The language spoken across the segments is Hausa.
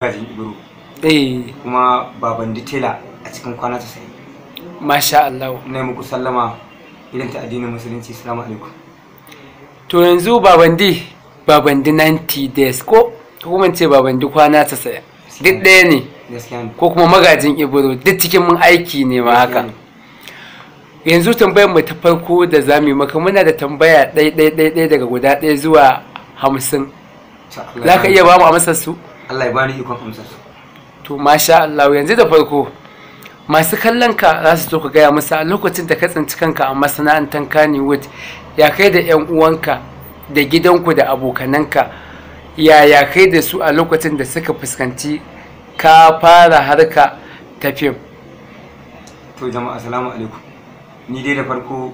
Eh. masha Allah to yanzu Baban babandi 90 days ko ce kwana ta duk ɗaya ne ko kuma magajin ibro duk cikin mun aiki ne ma haka yanzu tambayar mu ta farko da za mu yi maka muna da tambaya ɗai ɗai ɗai daga guda ɗaya zuwa hamsin za ka iya ba mu amsar su Allah ya bani ikon amsar su to masha Allah yanzu da farko masu kallon ka za su to ka gaya musu a lokacin da ka tsinci kanka a masana'antar Kannywood ya kai da yan uwanka da gidanku da abokananka ya ya kai da su a lokacin da suka fuskanci ka fara harka ta fim to jama'a assalamu alaikum ni dai da farko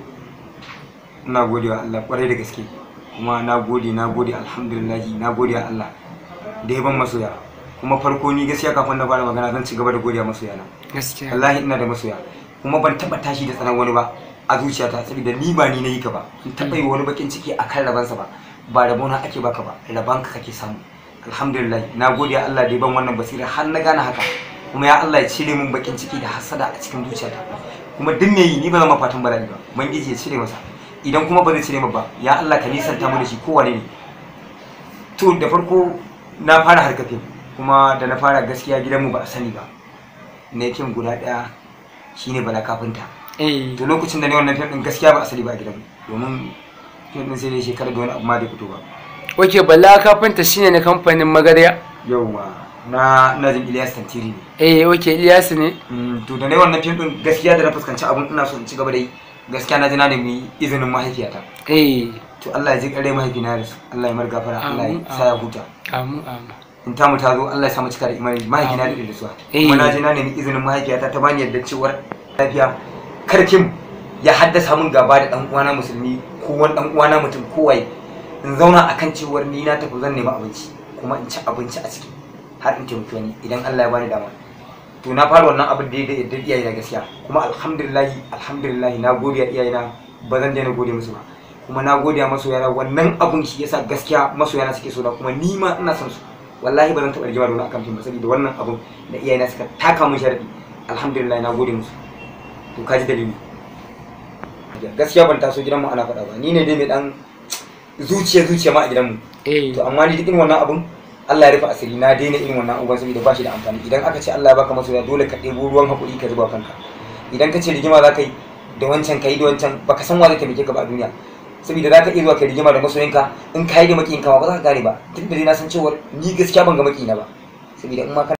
ina gode wa Allah kwarai da gaske kuma na gode na gode alhamdulillahi na gode wa Allah da ya masoya kuma farko ni gaskiya kafin na fara magana zan ci gaba da godiya masoya na gaskiya wallahi ina da masoya kuma ban taba tashi da tsanan wani ba a zuciyata saboda ni ba ni nayi ka ba in taba yi wani bakin ciki akan rabansa ba ba rabona ake baka ba ka kake samu alhamdulillah na godiya Allah da ya ban wannan basira har na gane haka kuma ya Allah ya cire min bakin ciki da hasada a cikin zuciyata kuma duk me yi ni ba zama fatan bala'i ba gije ya cire masa idan kuma ba zai cire ba ya Allah ka nisanta mu da shi kowane ne to da farko na fara harkatin fim kuma da na fara gaskiya gidanmu ba a sani ba na fim guda ɗaya shine bala kafinta eh. to lokacin da ne wannan fim din gaskiya ba a sani ba a gidanmu domin fim din sai dai shekara da wani abu ma da fito ba ok bala kafinta shine na kamfanin magarya yauwa na nazin Ilyas Tantiri ne. Eh ok Ilyas ne. Mm, to da ne wannan fim din gaskiya da na fuskanci abun ina so in ci gaba da yi gaskiya na ji na nemi izinin mahaifiyata. Eh to Allah ya ji kare mahaifina da su Allah ya margafara Allah ya sa ya huta amin amin in ta mu ta zo Allah ya sa cika da imani mahaifina da da su eh. kuma na je na nemi izinin mahaifiyata ta bani yadda cewa lafiya karkin ya haddasa mun gaba da dan uwana musulmi ko wani dan uwana mutum kowai in zauna akan cewar ni na tafi zan nemi abinci kuma in ci abinci a ciki har in taimaki wani idan Allah ya bani dama to na fara wannan abin da ya da iyaye gaskiya kuma alhamdulillah alhamdulillah na gode iyayena ba zan daina gode musu ba kuma na gode wa masoyana wannan abun shi yasa gaskiya masoyana suke so na kuma ni ma ina son su wallahi ba zan taɓa rigima da wani akan fim ba saboda wannan abun da iyayena suka taka min sharadi alhamdulillah na gode musu to ka ji dalili gaskiya ban taso mu ana faɗa ba ni ne dai mai dan zuciya zuciya ma a gidan mu. Eh. to amma ni duk irin wannan abun Allah ya rufe asiri na daina irin wannan uban saboda ba shi da amfani idan aka ce Allah ya baka masoya dole ka ɗebo ruwan hakuri ka zuba kanka idan ka ce rigima za ka yi da wancan ka yi da wancan baka san wa zai taimake ka ba a duniya saboda za ka iya zuwa kai rigima da masoyinka in ka yi da makinka ba za ka gane ba duk da dai na san cewa ni gaskiya ban ga makina ba saboda in ma